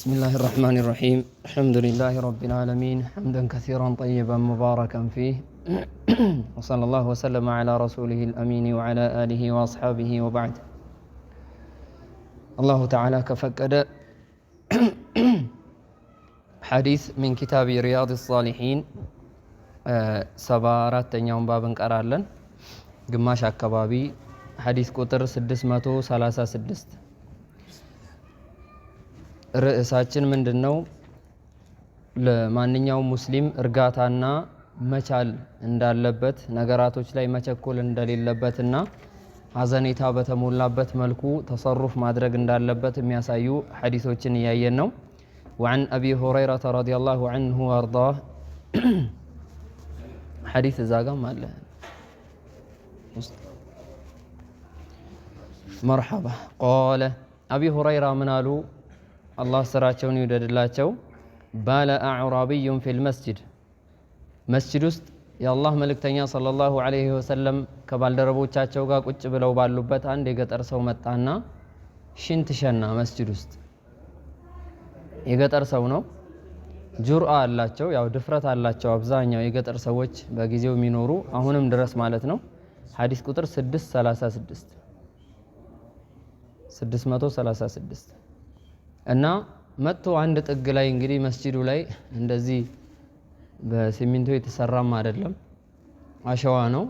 بسم الله الرحمن الرحيم الحمد لله رب العالمين حمدا كثيرا طيبا مباركا فيه وصلى الله وسلم على رسوله الأمين وعلى آله وأصحابه وبعد الله تعالى كفكد حديث من كتاب رياض الصالحين ሰባ قماش أكبابي حديث كتر سدس ماتو سلاسة سدست ርዕሳችን ምንድን ነው? ለማንኛውም ሙስሊም እርጋታና መቻል እንዳለበት ነገራቶች ላይ መቸኮል እንደሌለበትና ሀዘኔታ በተሞላበት መልኩ ተሰሩፍ ማድረግ እንዳለበት የሚያሳዩ ሐዲሶችን እያየን ነው። ወዐን አቢ ሁረይረተ ረዲየላሁ ዐንሁ ወአርዳህ ሐዲስ እዛ ጋም አለ። መርሐባ ቃለ አቢ ሁረይራ ምን አሉ? አላህ ስራቸውን ይውደድላቸው። ባለ አዕራቢዩን ፊል መስጅድ መስጅድ ውስጥ የአላህ መልእክተኛ ሰለላሁ ዐለይሂ ወሰለም ከባልደረቦቻቸው ጋር ቁጭ ብለው ባሉበት አንድ የገጠር ሰው መጣና ሽንት ሸና። መስጅድ ውስጥ የገጠር ሰው ነው። ጁርአ አላቸው፣ ያው ድፍረት አላቸው። አብዛኛው የገጠር ሰዎች በጊዜው የሚኖሩ አሁንም ድረስ ማለት ነው። ሐዲስ ቁጥር 636 636 እና መጥቶ አንድ ጥግ ላይ እንግዲህ መስጂዱ ላይ እንደዚህ በሲሚንቶ የተሰራም አይደለም አሸዋ ነው።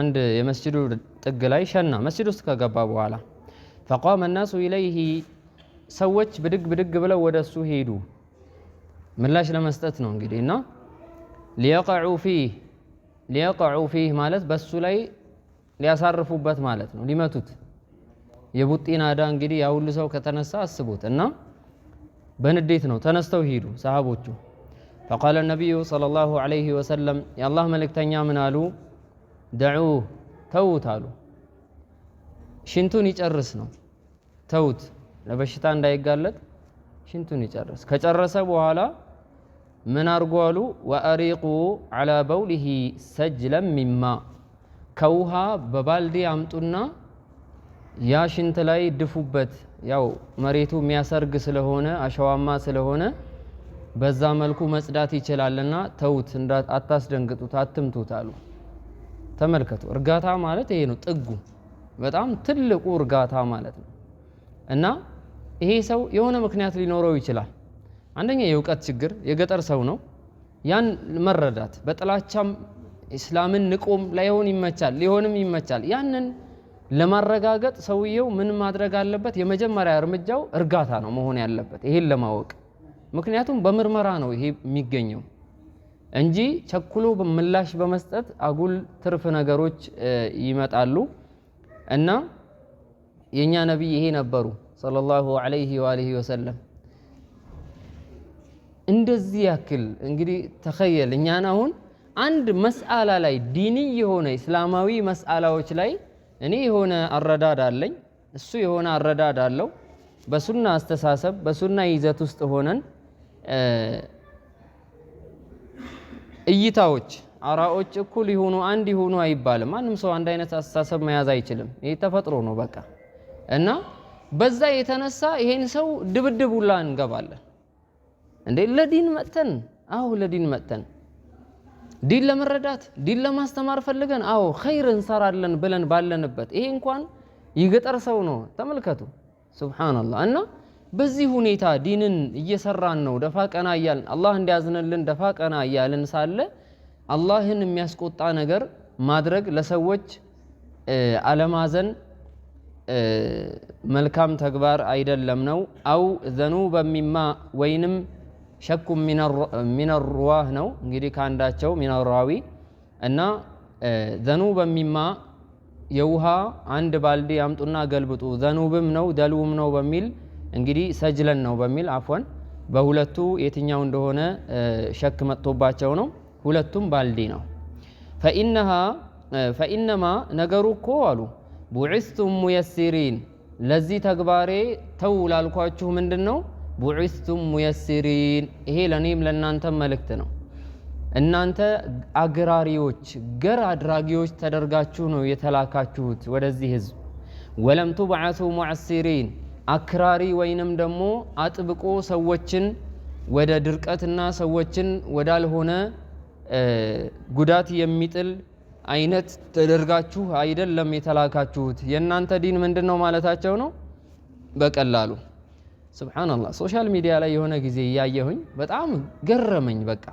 አንድ የመስጂዱ ጥግ ላይ ሸና መስጂድ ውስጥ ከገባ በኋላ ፈቋመ ናሱ ኢለይሂ ሰዎች ብድግ ብድግ ብለው ወደ እሱ ሄዱ። ምላሽ ለመስጠት ነው እንግዲህ እና ሊየቀዑ ፊህ ሊየቀዑ ፊህ ማለት በእሱ ላይ ሊያሳርፉበት ማለት ነው፣ ሊመቱት የቡጢ ናዳ እንግዲህ ያ ሁሉ ሰው ከተነሳ አስቡት። እና በንዴት ነው ተነስተው ሄዱ ሰሃቦቹ። ፈቃለ ነቢዩ ሰለላሁ ዐለይሂ ወሰለም የአላህ መልእክተኛ ምን አሉ? ደዑህ ተዉት አሉ። ሽንቱን ይጨርስ ነው ተዉት፣ ለበሽታ እንዳይጋለጥ ሽንቱን ይጨርስ። ከጨረሰ በኋላ ምን አርጉ አሉ? ወአሪቁ ዐላ በውሊሂ ሰጅለን ሚማ ከውሃ በባልዲ አምጡና ያ ሽንት ላይ ድፉበት። ያው መሬቱ የሚያሰርግ ስለሆነ አሸዋማ ስለሆነ በዛ መልኩ መጽዳት ይችላልና ተዉት፣ አታስደንግጡት፣ አትምቱት አሉ። ተመልከቱ፣ እርጋታ ማለት ይሄ ነው ጥጉ፣ በጣም ትልቁ እርጋታ ማለት ነው። እና ይሄ ሰው የሆነ ምክንያት ሊኖረው ይችላል። አንደኛ የእውቀት ችግር፣ የገጠር ሰው ነው። ያን መረዳት በጥላቻም ኢስላምን ንቆም ላይሆን ይመቻል፣ ሊሆንም ይመቻል ያንን ለማረጋገጥ ሰውየው ምን ማድረግ አለበት? የመጀመሪያ እርምጃው እርጋታ ነው መሆን ያለበት፣ ይሄን ለማወቅ ምክንያቱም በምርመራ ነው ይሄ የሚገኘው እንጂ ቸኩሎ ምላሽ በመስጠት አጉል ትርፍ ነገሮች ይመጣሉ። እና የእኛ ነቢይ ይሄ ነበሩ ሰለላሁ ዐለይሂ ወአለሂ ወሰለም። እንደዚህ ያክል እንግዲህ ተኸየል እኛን አሁን አንድ መስአላ ላይ ዲኒ የሆነ እስላማዊ መስአላዎች ላይ እኔ የሆነ አረዳድ አለኝ፣ እሱ የሆነ አረዳድ አለው። በሱና አስተሳሰብ በሱና ይዘት ውስጥ ሆነን እይታዎች አራዎች እኩል ይሁኑ አንድ ይሁኑ አይባልም። ማንም ሰው አንድ አይነት አስተሳሰብ መያዝ አይችልም። ይህ ተፈጥሮ ነው በቃ። እና በዛ የተነሳ ይሄን ሰው ድብድብ ሁላ እንገባለን። እንዴ ለዲን መጥተን አሁ ለዲን መጥተን ዲን ለመረዳት ዲን ለማስተማር ፈልገን አዎ ኸይር እንሰራለን ብለን ባለንበት ይሄ እንኳን የገጠር ሰው ነው። ተመልከቱ ሱብሓነላህ። እና በዚህ ሁኔታ ዲንን እየሰራን ነው፣ ደፋ ቀና እያልን አላህ እንዲያዝንልን ደፋ ቀና እያልን ሳለ አላህን የሚያስቆጣ ነገር ማድረግ፣ ለሰዎች አለማዘን መልካም ተግባር አይደለም ነው አው ዘኑ በሚማ ወይንም ሸኩ ሚነርዋህ ነው እንግዲህ ከአንዳቸው ሚነራዊ እና ዘኑበን ሚማ የውሃ አንድ ባልዲ አምጡና ገልብጡ። ዘኑብም ነው ደልውም ነው በሚል እንግዲህ ሰጅለን ነው በሚል አፎን በሁለቱ የትኛው እንደሆነ ሸክ መጥቶባቸው ነው። ሁለቱም ባልዲ ነው። ፈኢነማ ነገሩ እኮ አሉ ቡዒስቱም ሙየሲሪን ለዚህ ተግባሬ ተው ላልኳችሁ ምንድን ነው ቡዒስቱም ሙየሲሪን። ይሄ ለእኔም ለእናንተም መልእክት ነው። እናንተ አግራሪዎች፣ ገር አድራጊዎች ተደርጋችሁ ነው የተላካችሁት ወደዚህ ህዝብ። ወለም ቱብዓሱ ሙዓሲሪን፣ አክራሪ ወይንም ደግሞ አጥብቆ ሰዎችን ወደ ድርቀትና ሰዎችን ወዳልሆነ ጉዳት የሚጥል አይነት ተደርጋችሁ አይደለም የተላካችሁት። የእናንተ ዲን ምንድን ነው ማለታቸው ነው በቀላሉ ስብሓንላህ ሶሻል ሚዲያ ላይ የሆነ ጊዜ እያየሁኝ በጣም ገረመኝ። በቃ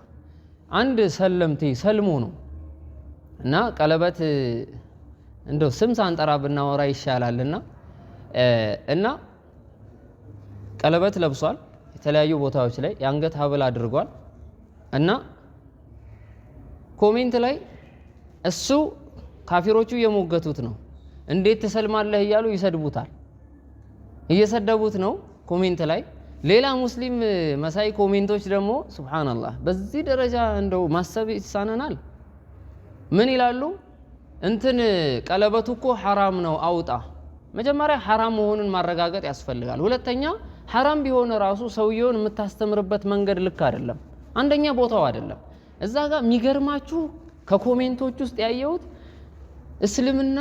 አንድ ሰለምቴ ሰልሞ ነው እና ቀለበት እንደው ስም ሳንጠራ ብናወራ ይሻላል እና እና ቀለበት ለብሷል። የተለያዩ ቦታዎች ላይ የአንገት ሀብል አድርጓል እና ኮሜንት ላይ እሱ ካፊሮቹ እየሞገቱት ነው። እንዴት ትሰልማለህ እያሉ ይሰድቡታል። እየሰደቡት ነው ኮሜንት ላይ ሌላ ሙስሊም መሳይ ኮሜንቶች ደግሞ ሱብሃንአላህ በዚህ ደረጃ እንደው ማሰብ ይሳነናል። ምን ይላሉ? እንትን ቀለበቱ እኮ ሐራም ነው አውጣ። መጀመሪያ ሐራም መሆኑን ማረጋገጥ ያስፈልጋል። ሁለተኛ ሐራም ቢሆን ራሱ ሰውየውን የምታስተምርበት መንገድ ልክ አይደለም። አንደኛ ቦታው አይደለም። እዛ ጋር የሚገርማችሁ ከኮሜንቶች ውስጥ ያየሁት እስልምና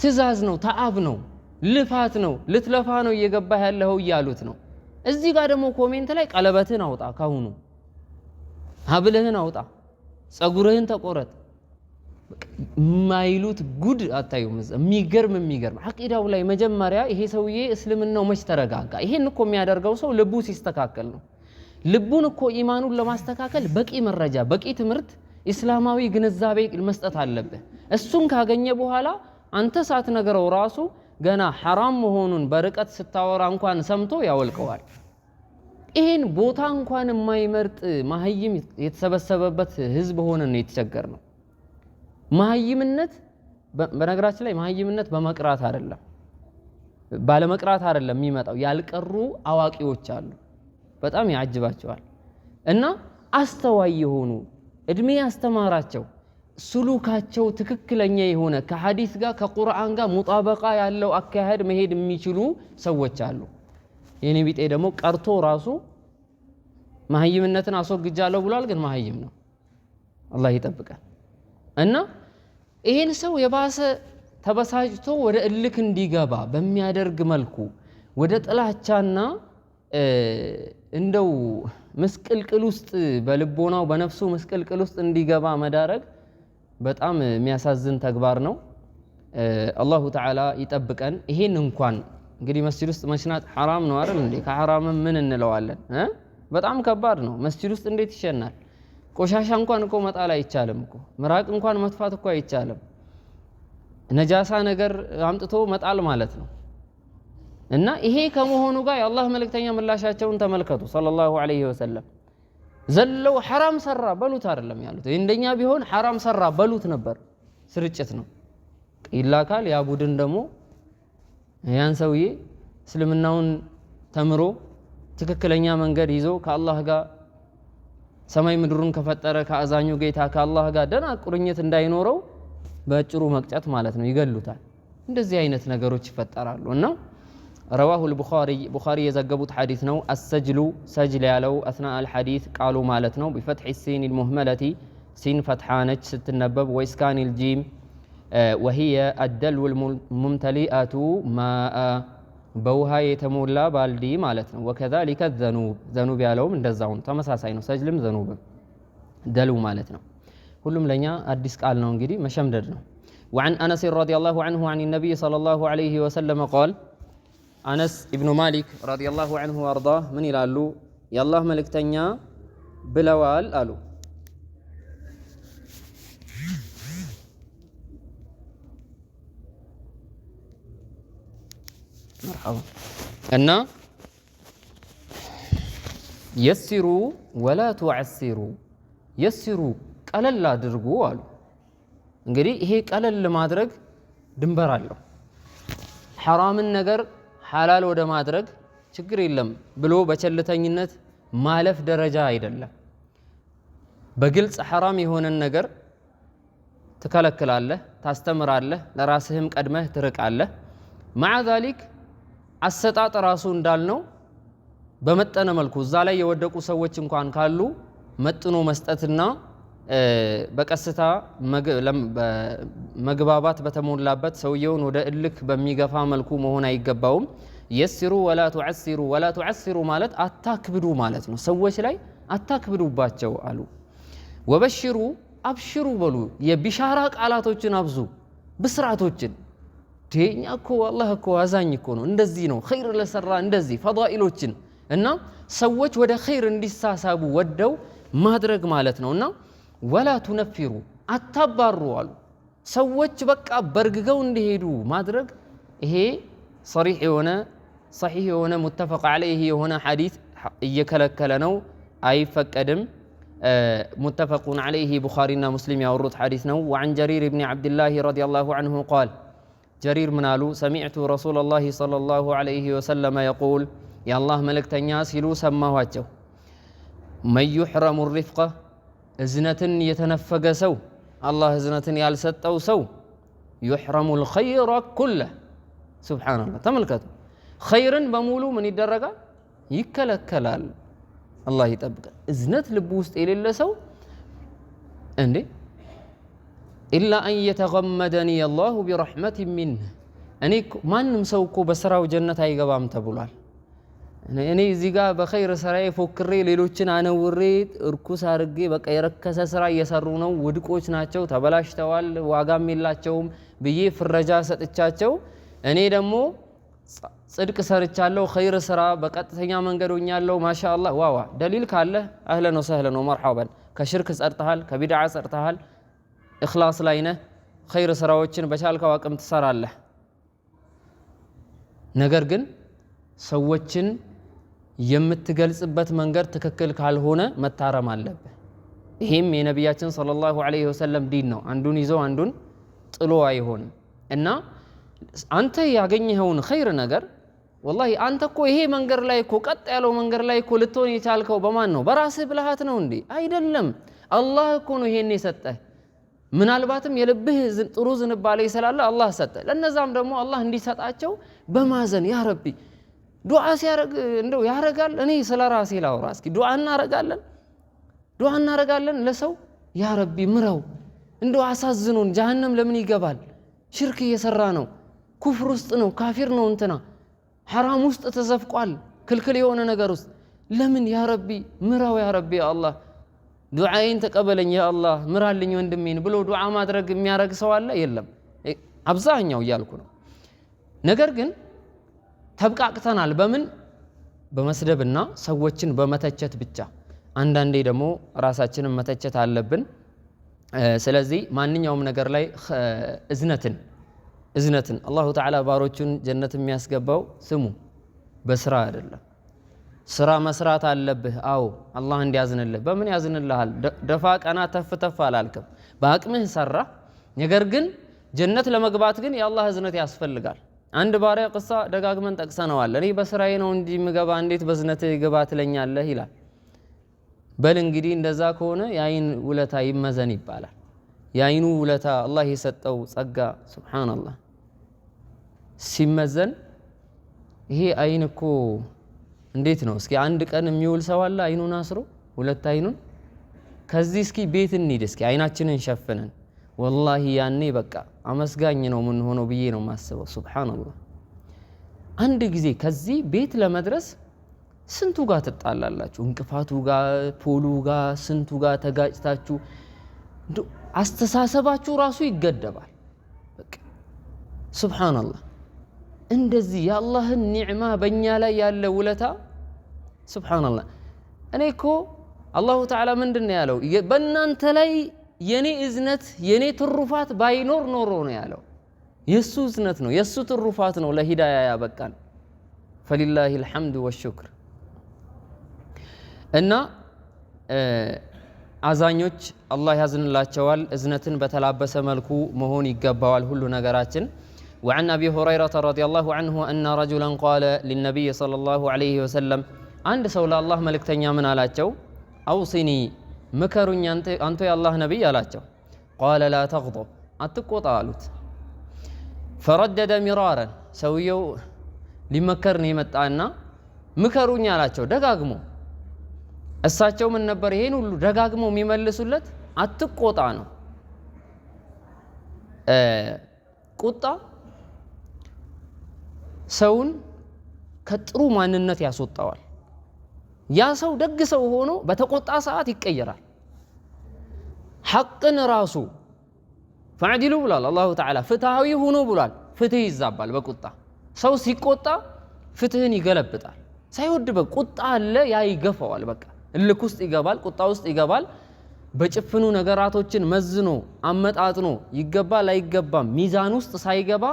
ትዕዛዝ ነው፣ ተአብ ነው ልፋት ነው፣ ልትለፋ ነው እየገባ ያለው እያሉት ነው። እዚህ ጋር ደግሞ ኮሜንት ላይ ቀለበትህን አውጣ፣ ካሁኑ ሀብልህን አውጣ፣ ጸጉርህን ተቆረጥ ማይሉት ጉድ አታዩም። የሚገርም የሚገርም አቂዳው ላይ መጀመሪያ ይሄ ሰውዬ እስልምናው መች ተረጋጋ? ይሄን እኮ የሚያደርገው ሰው ልቡ ሲስተካከል ነው። ልቡን እኮ ኢማኑን ለማስተካከል በቂ መረጃ፣ በቂ ትምህርት፣ እስላማዊ ግንዛቤ መስጠት አለብህ። እሱን ካገኘ በኋላ አንተ ሳትነግረው ራሱ ገና ሐራም መሆኑን በርቀት ስታወራ እንኳን ሰምቶ ያወልቀዋል። ይህን ቦታ እንኳን የማይመርጥ ማህይም የተሰበሰበበት ህዝብ ሆነን ነው የተቸገር ነው። መሀይምነት በነገራችን ላይ መሀይምነት በመቅራት አይደለም፣ ባለመቅራት አይደለም የሚመጣው። ያልቀሩ አዋቂዎች አሉ፣ በጣም ያጅባቸዋል። እና አስተዋይ የሆኑ እድሜ ያስተማራቸው ስሉካቸው ትክክለኛ የሆነ ከሐዲስ ጋር ከቁርአን ጋር ሙጣበቃ ያለው አካሄድ መሄድ የሚችሉ ሰዎች አሉ። የኔ ቢጤ ደግሞ ቀርቶ ራሱ መሀይምነትን አስወግጃለሁ ብሏል፣ ግን መሀይም ነው። አላህ ይጠብቃል። እና ይህን ሰው የባሰ ተበሳጭቶ ወደ እልክ እንዲገባ በሚያደርግ መልኩ ወደ ጥላቻና እንደው ምስቅልቅል ውስጥ በልቦናው በነፍሱ ምስቅልቅል ውስጥ እንዲገባ መዳረግ በጣም የሚያሳዝን ተግባር ነው። አላሁ ተዓላ ይጠብቀን። ይሄን እንኳን እንግዲህ መስጂድ ውስጥ መሽናት ሐራም ነው አይደል እንዴ? ከሐራምም ምን እንለዋለን? በጣም ከባድ ነው። መስጂድ ውስጥ እንዴት ይሸናል? ቆሻሻ እንኳን እኮ መጣል አይቻልም እኮ ምራቅ እንኳን መጥፋት እኮ አይቻልም። ነጃሳ ነገር አምጥቶ መጣል ማለት ነው። እና ይሄ ከመሆኑ ጋር የአላህ መልእክተኛ ምላሻቸውን ተመልከቱ ሰለላሁ ዐለይሂ ወሰለም ዘለው ሐራም ሰራ በሉት አይደለም ያሉት። እንደኛ ቢሆን ሐራም ሰራ በሉት ነበር። ስርጭት ነው ይላካል። ያ ቡድን ደግሞ ያን ሰውዬ እስልምናውን ተምሮ ትክክለኛ መንገድ ይዞ ከአላህ ጋር ሰማይ ምድሩን ከፈጠረ ከአዛኙ ጌታ ከአላህ ጋር ደና ቁርኝት እንዳይኖረው በአጭሩ መቅጨት ማለት ነው፣ ይገሉታል። እንደዚህ አይነት ነገሮች ይፈጠራሉ እና ረዋሁል ቡኻሪ የዘገቡት ሐዲስ ነው። አሰጅሉ ሰጅል ያለው አስና አልሐዲስ ቃሉ ማለት ነው። ቢፈትሒ ሲን ልሙህመለቲ ሲን ፈትሓ ነች ስትነበብ፣ ወይስካን ልጂም ወሂየ አደልው ልሙምተሊአቱ ማአ በውሃ የተሞላ ባልዲ ማለት ነው። ወከዛሊከ ዘኑብ ዘኑብ ያለውም እንደዛውን ተመሳሳይ ነው። ሰጅልም ዘኑብም ደልው ማለት ነው። ሁሉም ለእኛ አዲስ ቃል ነው እንግዲህ መሸምደድ ነው። ወዐን አነስ ረዲየላሁ ዐንሁ ዐን ነቢይ ሰለላሁ ዐለይሂ ወሰለም ቃል አነስ ኢብኑ ማሊክ ረዲየላሁ አንሁ ወአርዳህ ምን ይላሉ? የአላህ መልእክተኛ ብለዋል አሉ እና የሲሩ ወላ ቱዐሲሩ የሲሩ ቀለል አድርጉ አሉ። እንግዲህ ይሄ ቀለል ማድረግ ድንበር አለው። ሐራምን ነገር ሐላል ወደ ማድረግ ችግር የለም ብሎ በቸልተኝነት ማለፍ ደረጃ አይደለም። በግልጽ ሐራም የሆነን ነገር ትከለክላለህ፣ ታስተምራለህ፣ ለራስህም ቀድመህ ትርቃለህ። ማዓ ዛሊክ አሰጣጥ ራሱ እንዳልነው በመጠነ መልኩ እዛ ላይ የወደቁ ሰዎች እንኳን ካሉ መጥኖ መስጠትና በቀስታ መግባባት በተሞላበት ሰውየውን ወደ እልክ በሚገፋ መልኩ መሆን አይገባውም። የስሩ ወላ ቱዓሲሩ ወላ ቱዓሲሩ ማለት አታክብዱ ማለት ነው። ሰዎች ላይ አታክብዱባቸው አሉ። ወበሽሩ አብሽሩ በሉ የቢሻራ ቃላቶችን አብዙ፣ ብስራቶችን እኛ እኮ አላህ እኮ አዛኝ እኮ ነው፣ እንደዚህ ነው ኸይር ለሰራ እንደዚህ ፈዳኢሎችን እና ሰዎች ወደ ኸይር እንዲሳሳቡ ወደው ማድረግ ማለት ነው እና ወላ ቱነፊሩ አታባሩ አሉ። ሰዎች በቃ በርግገው እንዲሄዱ ማድረግ ይሄ ሰሪሕ የሆነ ሰሒሕ የሆነ ሙተፈቅ ዓለይህ የሆነ ሐዲስ እየከለከለ ነው፣ አይፈቀድም። ሙተፈቁን ዓለይህ ቡኻሪና ሙስሊም ያወሩት ሐዲስ ነው። ወዓን ጀሪር ብኒ ዓብድላህ ረዲየላሁ አንሁ ቃል ጀሪር ምናሉ አሉ? ሰሚዕቱ ረሱለላህ ሰለላሁ ዓለይህ ወሰለመ የቁል የአላህ መልእክተኛ ሲሉ ሰማኋቸው መን ዩሕረሙ ሪፍቀ እዝነትን የተነፈገ ሰው አላህ እዝነትን ያልሰጠው ሰው ዩሕረሙል ኸይረ ኩለ ሱብሓነላህ ተመልከቱ። ኸይርን በሙሉ ምን ይደረጋል? ይከለከላል። አላህ ይጠብቃል። እዝነት ልብ ውስጥ የሌለ ሰው እንዴ ኢላ አን የተገመደኒ አላሁ ቢረሕመት ሚንህ። እኔ ማንም ሰው እኮ በስራው ጀነት አይገባም ተብሏል። እኔ እዚህ ጋር በኸይር ስራዬ ፎክሬ ሌሎችን አነውሬ እርኩስ አድርጌ በቃ የረከሰ ስራ እየሰሩ ነው፣ ውድቆች ናቸው፣ ተበላሽተዋል፣ ዋጋም የላቸውም ብዬ ፍረጃ ሰጥቻቸው እኔ ደግሞ ጽድቅ ሰርቻለሁ፣ ኸይር ስራ በቀጥተኛ መንገድ ሆኛለሁ። ማሻአላህ ዋዋ ደሊል ካለ አህለን ወሰህለን መርሐበን። ከሽርክ ጸርተሃል፣ ከቢድዓ ጸርተሃል፣ እኽላስ ላይ ነህ፣ ኸይር ስራዎችን በቻልከው አቅም ትሰራለህ። ነገር ግን ሰዎችን የምትገልጽበት መንገድ ትክክል ካልሆነ መታረም አለብህ። ይህም የነቢያችን ሰለላሁ ዐለይሂ ወሰለም ዲን ነው። አንዱን ይዞ አንዱን ጥሎ አይሆንም እና አንተ ያገኘኸውን ኸይር ነገር ወላሂ አንተ እኮ ይሄ መንገድ ላይ እኮ ቀጥ ያለው መንገድ ላይ እኮ ልትሆን የቻልከው በማን ነው? በራስህ ብልሃት ነው እንዴ? አይደለም። አላህ እኮ ነው ይሄን የሰጠህ። ምናልባትም የልብህ ጥሩ ዝንባሌ ስላለ አላህ ሰጠህ። ለነዛም ደግሞ አላህ እንዲሰጣቸው በማዘን ያ ረቢ ዱዓ ሲያረግ እንደው ያረጋል። እኔ ስለ ራሴ ላውራ እስኪ። ዱዓ እናረጋለን፣ ዱዓ እናረጋለን ለሰው ያ ረቢ ምረው፣ እንደው አሳዝኖን፣ ጀሃነም ለምን ይገባል? ሽርክ እየሰራ ነው፣ ኩፍር ውስጥ ነው፣ ካፊር ነው፣ እንትና ሐራም ውስጥ ተዘፍቋል፣ ክልክል የሆነ ነገር ውስጥ ለምን ያ ረቢ ምራው፣ ያ ረቢ አላህ ዱዓዬን ተቀበለኝ፣ ያ አላህ ምራልኝ ወንድሜን ብሎ ዱዓ ማድረግ የሚያረግ ሰው አለ? የለም፣ አብዛኛው እያልኩ ነው። ነገር ግን ተብቃቅተናል። በምን በመስደብና ሰዎችን በመተቸት ብቻ። አንዳንዴ ደግሞ ራሳችንን መተቸት አለብን። ስለዚህ ማንኛውም ነገር ላይ እዝነትን እዝነትን አላሁ ተዓላ ባሮቹን ጀነት የሚያስገባው ስሙ በስራ አይደለም። ስራ መስራት አለብህ። አዎ አላህ እንዲያዝንልህ። በምን ያዝንልሃል? ደፋ ቀና ተፍ ተፍ አላልክም። በአቅምህ ሰራ። ነገር ግን ጀነት ለመግባት ግን የአላህ እዝነት ያስፈልጋል። አንድ ባሪያ ቅሳ ደጋግመን ጠቅሰነዋል። እኔ በስራዬ ነው እንጂ እንዴት በዝነት ግባ ትለኛለህ ይላል። በል እንግዲህ እንደዛ ከሆነ የአይን ውለታ ይመዘን ይባላል። የአይኑ ውለታ አላህ የሰጠው ጸጋ ሱብሓነላህ ሲመዘን ይሄ አይን እኮ እንዴት ነው? እስኪ አንድ ቀን የሚውል ሰው አለ አይኑን አስሮ ሁለት አይኑን። ከዚህ እስኪ ቤት እንሂድ፣ እስኪ አይናችንን ሸፍነን ወላሂ ያኔ በቃ አመስጋኝ ነው የምንሆነው ብዬ ነው የማስበው። ሱብሓነላህ አንድ ጊዜ ከዚህ ቤት ለመድረስ ስንቱ ጋር ትጣላላችሁ? እንቅፋቱ ጋር፣ ፖሉ ጋር፣ ስንቱ ጋር ተጋጭታችሁ አስተሳሰባችሁ ራሱ ይገደባል። ሱብሓነላህ እንደዚህ የአላህን ኒዕማ በእኛ ላይ ያለ ውለታ ሱብሓነላህ። እኔ እኮ አላሁ ተዓላ ምንድን ነው ያለው በእናንተ ላይ የኔ እዝነት የኔ ትሩፋት ባይኖር ኖሮ ነው ያለው። የሱ እዝነት ነው የሱ ትሩፋት ነው ለሂዳያ ያበቃን። ፈሊላሂ ልሐምድ ወሹክር እና አዛኞች አላህ ያዝንላቸዋል። እዝነትን በተላበሰ መልኩ መሆን ይገባዋል ሁሉ ነገራችን። ወዐን አቢ ሁረይረተ ረዲየላሁ አንሁ አነ ረጁለን ቃለ ሊነቢይ ሰለላሁ ዐለይሂ ወሰለም፣ አንድ ሰው ለአላህ መልእክተኛ ምን አላቸው? አውሲኒ ምከሩኝ አንተ የአላህ ነቢይ አላቸው። ቃለ ላ ተግضብ አትቆጣ አሉት። ፈረደደ ሚራረን ሰውየው ሊመከር ነው የመጣና ምከሩኝ አላቸው ደጋግሞ። እሳቸው ምን ነበር ይሄን ሁሉ ደጋግሞ የሚመልሱለት? አትቆጣ ነው። ቁጣ ሰውን ከጥሩ ማንነት ያስወጣዋል። ያ ሰው ደግ ሰው ሆኖ በተቆጣ ሰዓት ይቀየራል። ሐቅን ራሱ ፈዕዲሉ ብሏል አላሁ ተዓላ ፍትሃዊ ሁኑ ብሏል። ፍትህ ይዛባል በቁጣ ሰው ሲቆጣ ፍትህን ይገለብጣል። ሳይወድ በቁጣ አለ ያ ይገፋዋል። በቃ እልክ ውስጥ ይገባል፣ ቁጣ ውስጥ ይገባል። በጭፍኑ ነገራቶችን መዝኖ አመጣጥኖ ይገባል አይገባም ሚዛን ውስጥ ሳይገባ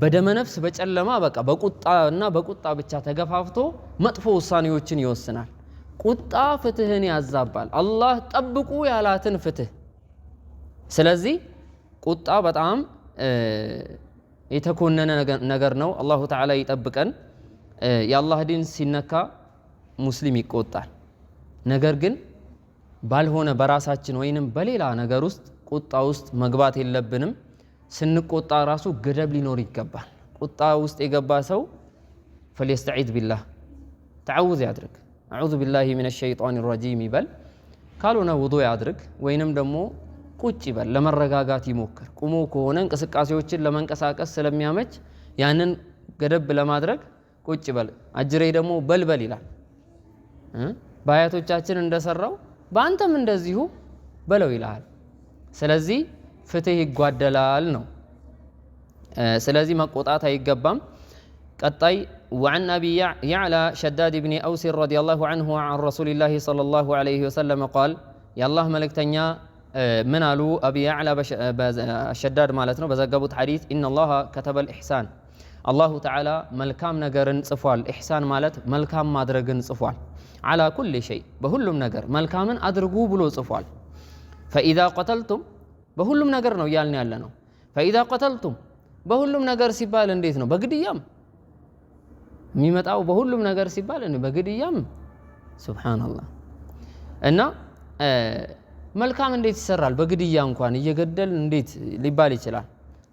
በደመነፍስ በጨለማ በቃ በቁጣና በቁጣ ብቻ ተገፋፍቶ መጥፎ ውሳኔዎችን ይወስናል። ቁጣ ፍትህን ያዛባል። አላህ ጠብቁ ያላትን ፍትህ። ስለዚህ ቁጣ በጣም የተኮነነ ነገር ነው። አላሁ ተዓላ ይጠብቀን። የአላህ ዲን ሲነካ ሙስሊም ይቆጣል። ነገር ግን ባልሆነ በራሳችን ወይንም በሌላ ነገር ውስጥ ቁጣ ውስጥ መግባት የለብንም። ስንቆጣ ራሱ ገደብ ሊኖር ይገባል። ቁጣ ውስጥ የገባ ሰው ፈሊስተዒዝ ቢላህ ተዓውዝ ያድርግ። አዑዙ ቢላሂ ሚነ ሸይጣን ረጂም ይበል። ካልሆነ ውዶ ያድርግ፣ ወይንም ደግሞ ቁጭ ይበል፣ ለመረጋጋት ይሞክር። ቁሞ ከሆነ እንቅስቃሴዎችን ለመንቀሳቀስ ስለሚያመች ያንን ገደብ ለማድረግ ቁጭ በል። አጅሬ ደግሞ በልበል ይላል። በአያቶቻችን እንደሰራው በአንተም እንደዚሁ በለው ይልሃል። ስለዚህ ፍትህ ይጓደላል ነው። ስለዚህ መቆጣት አይገባም። ቀጣይ ወዐን አቢ ያዕላ ሸዳድ ብኒ አውሲን ረዲየላሁ ዐንሁ ዐን ረሱሊላሂ ሰለላሁ ዐለይሂ ወሰለም ቃል የአላህ መልእክተኛ ምን አሉ? አቢ ያዕላ ሸዳድ ማለት ነው። በዘገቡት ሐዲስ ኢነላሃ ከተበል ኢሕሳን አላሁ ተዓላ መልካም ነገርን ጽፏል። ኢሕሳን ማለት መልካም ማድረግን ጽፏል። ዐላ ኩል ሸይ በሁሉም ነገር መልካምን አድርጉ ብሎ ጽፏል። ፈኢዛ ቀተልቱም በሁሉም ነገር ነው እያልን ያለ ነው። ፈኢዛ ቆተልቱም በሁሉም ነገር ሲባል እንዴት ነው? በግድያም የሚመጣው በሁሉም ነገር ሲባል በግድያም ሱብሓነላህ። እና መልካም እንዴት ይሰራል? በግድያ እንኳን እየገደል እንዴት ሊባል ይችላል?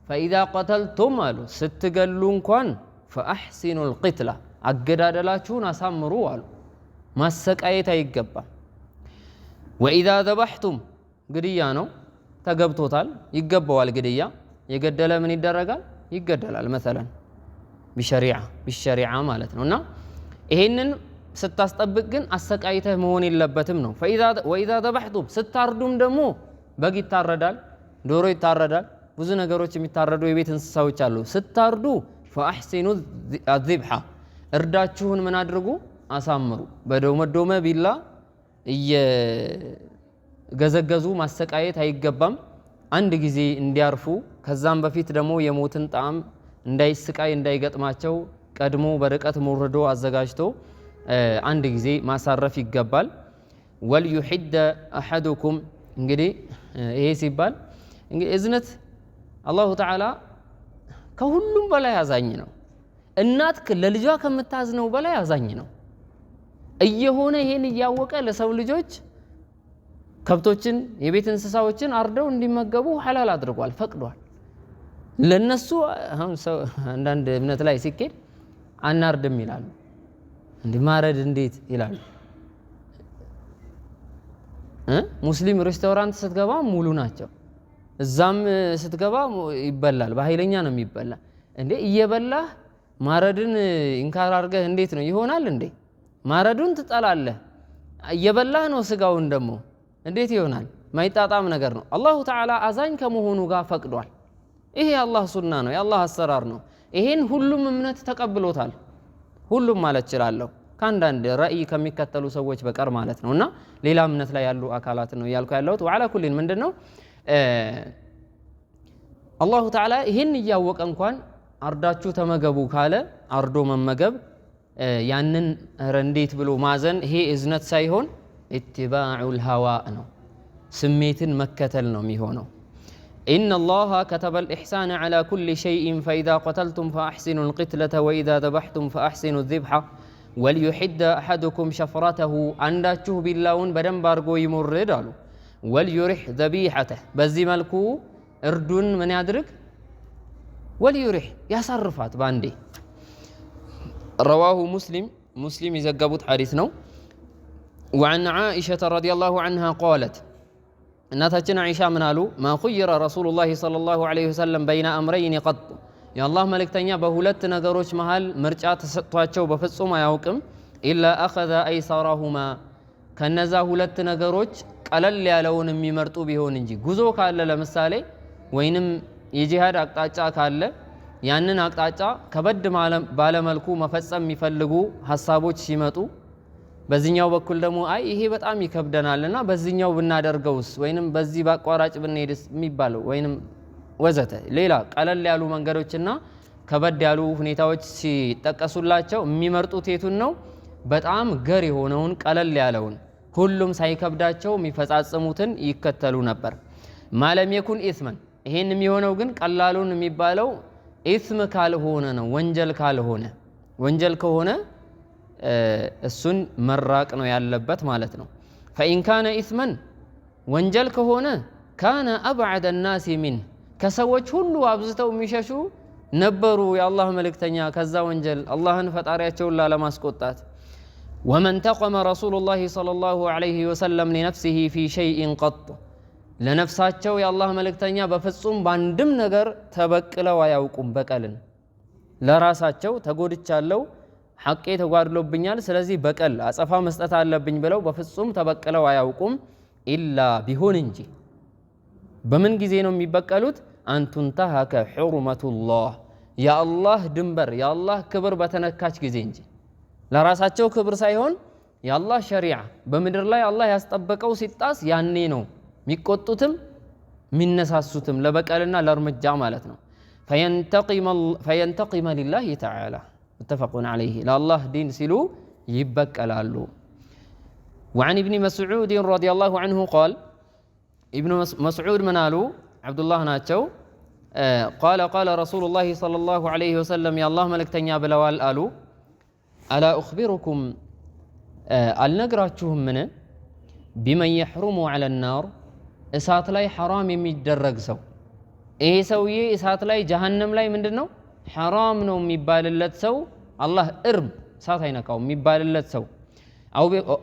ፈኢዛ ቆተልቱም አሉ ስትገሉ እንኳን ፈአሕሲኑ ልቅትላ አገዳደላችሁን አሳምሩ አሉ። ማሰቃየት አይገባም። ወኢዛ ዘባሕቱም ግድያ ነው ተገብቶታል፣ ይገባዋል ግድያ። የገደለ ምን ይደረጋል? ይገደላል። መሰለን ቢሸሪዓ ቢሸሪዓ ማለት ነው። እና ይሄንን ስታስጠብቅ ግን አሰቃይተህ መሆን የለበትም ነው። ወኢዛ ተባሕቱም ስታርዱም ደግሞ በግ ይታረዳል፣ ዶሮ ይታረዳል፣ ብዙ ነገሮች የሚታረዱ የቤት እንስሳዎች አሉ። ስታርዱ ፈአሕሲኑ አዚብሓ እርዳችሁን ምን አድርጉ አሳምሩ። በዶመዶመ ቢላ ገዘገዙ ማሰቃየት አይገባም። አንድ ጊዜ እንዲያርፉ ከዛም በፊት ደግሞ የሞትን ጣዕም እንዳይስቃይ እንዳይገጥማቸው ቀድሞ በርቀት ሞርዶ አዘጋጅቶ አንድ ጊዜ ማሳረፍ ይገባል። ወልዩሒደ አሐዱኩም እንግዲህ ይሄ ሲባል እንግዲህ እዝነት አላሁ ተዓላ ከሁሉም በላይ አዛኝ ነው። እናት ለልጇ ከምታዝነው በላይ አዛኝ ነው። እየሆነ ይሄን እያወቀ ለሰው ልጆች ከብቶችን የቤት እንስሳዎችን አርደው እንዲመገቡ ሐላል አድርጓል፣ ፈቅዷል። ለነሱ አሁን ሰው አንዳንድ እምነት ላይ ሲኬድ አናርድም ይላሉ። እንዲማረድ እንዴት ይላሉ። ሙስሊም ሬስቶራንት ስትገባ ሙሉ ናቸው። እዛም ስትገባ ይበላል፣ በኃይለኛ ነው የሚበላ። እንዴ እየበላህ ማረድን ኢንካር አድርገህ እንዴት ነው ይሆናል? እንዴ ማረዱን ትጠላለህ፣ እየበላህ ነው ስጋውን ደግሞ እንዴት ይሆናል? ማይጣጣም ነገር ነው። አላሁ ተዓላ አዛኝ ከመሆኑ ጋር ፈቅዷል። ይሄ የአላህ ሱና ነው፣ የአላህ አሰራር ነው። ይሄን ሁሉም እምነት ተቀብሎታል። ሁሉም ማለት እችላለሁ ከአንዳንድ ረእይ ከሚከተሉ ሰዎች በቀር ማለት ነው። እና ሌላ እምነት ላይ ያሉ አካላት ነው እያልኩ ያለሁት። ወዓላ ኩሊን ምንድን ነው አላሁ ተዓላ ይህን እያወቀ እንኳን አርዳችሁ ተመገቡ ካለ አርዶ መመገብ ያንን እንዴት ብሎ ማዘን ይሄ እዝነት ሳይሆን اتباع الهواء ነው። ስሜትን መከተል ነው إن الله كتب الإحسان على كل شيء فإذا قتلتم فأحسنوا القتلة وإذا ذبحتم فأحسنوا الذبحة وليحد أحدكم شفرته أن لا تشوه باللاون بدن بارغو يمرد وليرح ذبيحته بزي ملكو اردون من يدرك وليرح يصرفات باندي رواه مسلم مسلم يزقبوت حديث نو ወዐን ዓኢሸተ ረዲየላሁ ዐንሃ ቃለት እናታችን አይሻ ምን አሉ? ማ ኩይረ ረሱሉላሂ ሰለላሁ ዐለይሂ ወሰለም በይነ አምረይን ቀጥ የአላህ መልእክተኛ በሁለት ነገሮች መሃል ምርጫ ተሰጥቷቸው በፍጹም አያውቅም። ኢላ አኸዘ አይሰራሁማ ከነዛ ሁለት ነገሮች ቀለል ያለውን የሚመርጡ ቢሆን እንጂ ጉዞ ካለ ለምሳሌ ወይንም የጂሃድ አቅጣጫ ካለ ያንን አቅጣጫ ከበድ ባለመልኩ መፈጸም የሚፈልጉ ሀሳቦች ሲመጡ በዚህኛው በኩል ደግሞ አይ ይሄ በጣም ይከብደናል እና በዚህኛው ብናደርገውስ ወይንም በዚህ በአቋራጭ ብንሄድስ የሚባለው ወይንም ወዘተ ሌላ ቀለል ያሉ መንገዶችና ከበድ ያሉ ሁኔታዎች ሲጠቀሱላቸው የሚመርጡት የቱን ነው? በጣም ገር የሆነውን ቀለል ያለውን ሁሉም ሳይከብዳቸው የሚፈጻጽሙትን ይከተሉ ነበር። ማለም የኩን ኢስመን ይሄን የሚሆነው ግን ቀላሉን የሚባለው ኢስም ካልሆነ ነው። ወንጀል ካልሆነ ወንጀል ከሆነ እሱን መራቅ ነው ያለበት ማለት ነው። ፈኢን ካነ ኢስመን ወንጀል ከሆነ ካነ አብዓደ ናሲ ሚን ከሰዎች ሁሉ አብዝተው የሚሸሹ ነበሩ የአላህ መልእክተኛ ከዛ ወንጀል አላህን ፈጣሪያቸውን ላለማስቆጣት። ወመን ተቆመ ረሱሉላሂ ሰለላሁ ዐለይሂ ወሰለም ሊነፍሲሂ ፊ ሸይኢን ቀጡ ለነፍሳቸው የአላህ መልእክተኛ በፍጹም በአንድም ነገር ተበቅለው አያውቁም። በቀልን ለራሳቸው ተጎድቻለው ሐቄ ተጓድሎብኛል፣ ስለዚህ በቀል አጸፋ መስጠት አለብኝ ብለው በፍጹም ተበቅለው አያውቁም። ኢላ ቢሆን እንጂ በምን ጊዜ ነው የሚበቀሉት? አንቱንተሀከ ሑርመቱላህ የአላህ ድንበር የአላህ ክብር በተነካች ጊዜ እንጂ ለራሳቸው ክብር ሳይሆን የአላህ ሸሪዓ በምድር ላይ አላህ ያስጠበቀው ሲጣስ ያኔ ነው የሚቆጡትም የሚነሳሱትም ለበቀልና ለእርምጃ ማለት ነው። ፈየንተቂመ ሊላህ ተዓላ ሙተፈቁን ዓለይህ ለአላህ ዲን ሲሉ ይበቀላሉ። ወዓን ኢብኒ መስዑድን ረዲየላሁ አንሁ ቃል ኢብኑ መስዑድ ምን አሉ? ዓብዱላህ ናቸው። ቃለ ቃለ ረሱሉላሂ ሰለላሁ ዓለይሂ ወሰለም የአላህ መልእክተኛ ብለዋል አሉ። አላ ኡኽቢሩኩም አልነግራችሁምን? ቢመን የሕሩሙ ዓለ ናር እሳት ላይ ሐራም የሚደረግ ሰው ይሄ ሰውዬ እሳት ላይ ጀሃነም ላይ ምንድን ነው ሐራም ነው የሚባልለት ሰው አላህ እርብ እሳት አይነካው የሚባልለት ሰው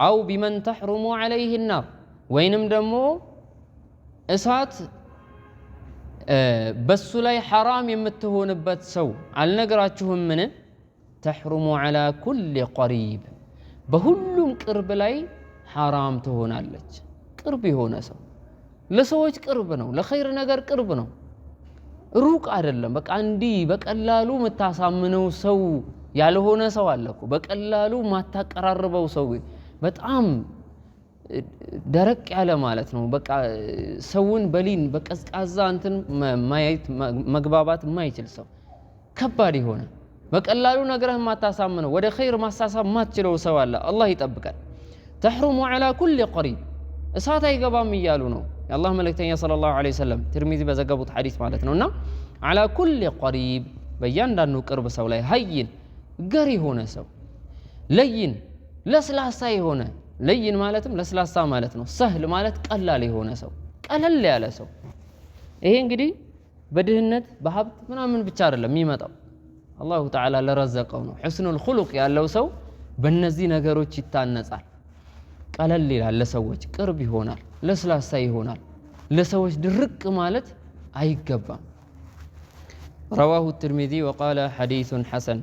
አው ቢመን ተሕሩሙ ዓለይህ ናር ወይንም ደግሞ እሳት በሱ ላይ ሐራም የምትሆንበት ሰው ምን ተሕሩሙ ዓላ ኩል ቀሪብ በሁሉም ቅርብ ላይ ሐራም ትሆናለች። ቅርብ የሆነ ሰው ለሰዎች ቅርብ ነው፣ ለኸይር ነገር ቅርብ ነው። ሩቅ አይደለም። በቃ እንዲህ በቀላሉ የምታሳምነው ሰው ያልሆነ ሰው አለ እኮ በቀላሉ ማታቀራርበው ሰው በጣም ደረቅ ያለ ማለት ነው። በቃ ሰውን በሊን በቀዝቃዛ እንትን ማየት መግባባት የማይችል ሰው ከባድ የሆነ በቀላሉ ነገርህ ማታሳምነው ወደ ኸይር ማሳሳብ የማትችለው ሰው አለ። አላህ ይጠብቀን። ተሕሩሙ ዐላ ኩሊ ቀሪብ እሳት አይገባም እያሉ ነው የአላህ መልእክተኛ ሰለላሁ ዐለይሂ ወሰለም ትርሚዚ በዘገቡት ሐዲስ ማለት ነው እና አላ ኩል ቀሪብ በእያንዳንዱ ቅርብ ሰው ላይ ሀይን ገር የሆነ ሰው ለይን ለስላሳ የሆነ ለይን ማለትም ለስላሳ ማለት ነው። ሰህል ማለት ቀላል የሆነ ሰው ቀለል ያለ ሰው። ይሄ እንግዲህ በድህነት በሀብት ምናምን ብቻ አይደለም የሚመጣው አላሁ ተዓላ ለረዘቀው ነው። ሑስኑል ኹሉቅ ያለው ሰው በእነዚህ ነገሮች ይታነጻል። ቀለል ይላል፣ ለሰዎች ቅርብ ይሆናል። ለስላሳ ይሆናል። ለሰዎች ድርቅ ማለት አይገባም። ረዋሁ ትርሚዚ ወቃለ ሐዲሱን ሐሰን